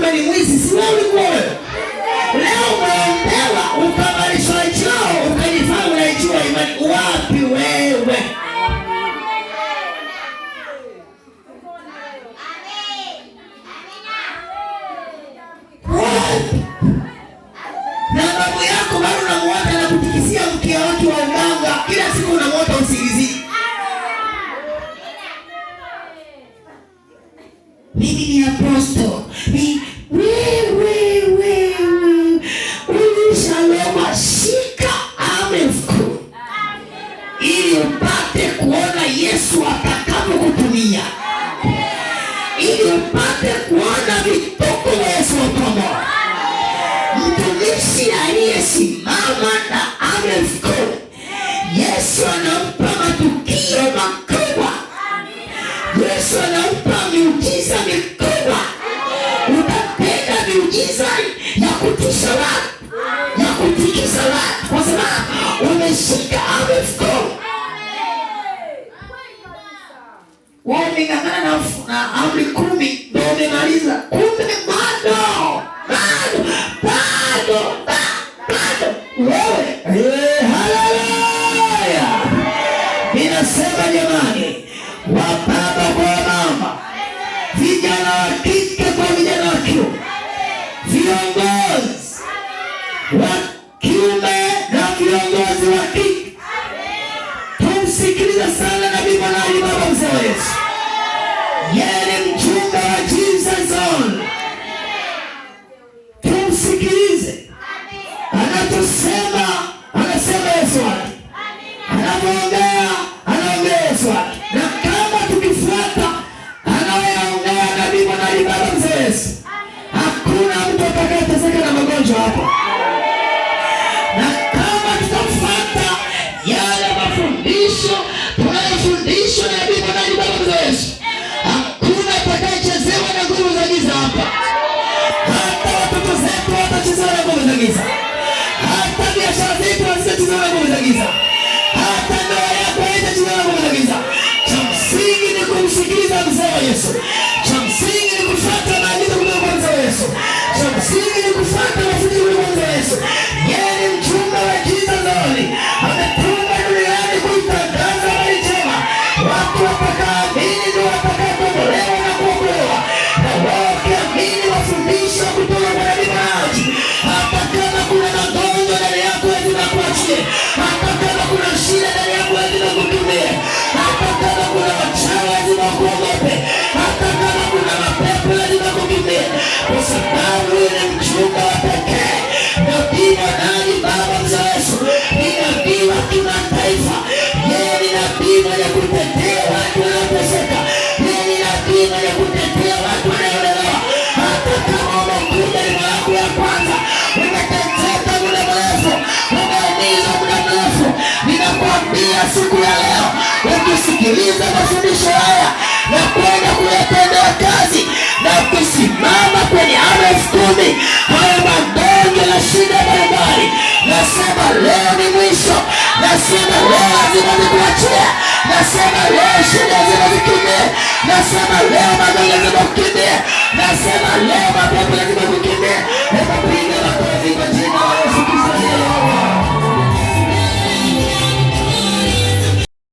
kumbe ni mwizi, si wewe ulikuwa wewe. Leo umeombewa ukabalishwa cheo ukajifanya unaijua imani, wapi wewe? upate kuona Yesu atakapokutumia, ili upate kuona vitokolezo pamoja. Mtumishi aliyesimama na amefika, Yesu anampa matukio makubwa, Yesu anampa miujiza mikubwa. Utapenda miujiza ya kutisha watu, ya kutikisa watu, kwa sababu umeshika amefika wameng'ang'ana na, na amri kumi ndio wamemaliza, kumbe bado bado bado wewe. Haleluya! Ninasema jamani, wababa kwa wamama, vijana wa kike kwa vijana wa kiume, viongozi wa kiume na viongozi wa Get him to maagizo ya Yesu. Cha msingi ni kufuata maagizo ya Yesu. Cha msingi ni kufuata mafundisho ya Yesu. watu wanaoteseka. Hili la ya kutetea watu wanaolewa. Hata kama umekuja ni mara ya kwanza, umeteseka muda mrefu, umeumizwa muda mrefu, ninakwambia siku ya leo, ukisikiliza mafundisho haya na kwenda kuyatendea kazi na kusimama kwenye ama elfu kumi hayo magonjwa na shida mbalimbali, nasema leo ni mwisho, nasema leo lazima nikuachia Nasema leo magonjwa lazima Nasema leo mapepo lazima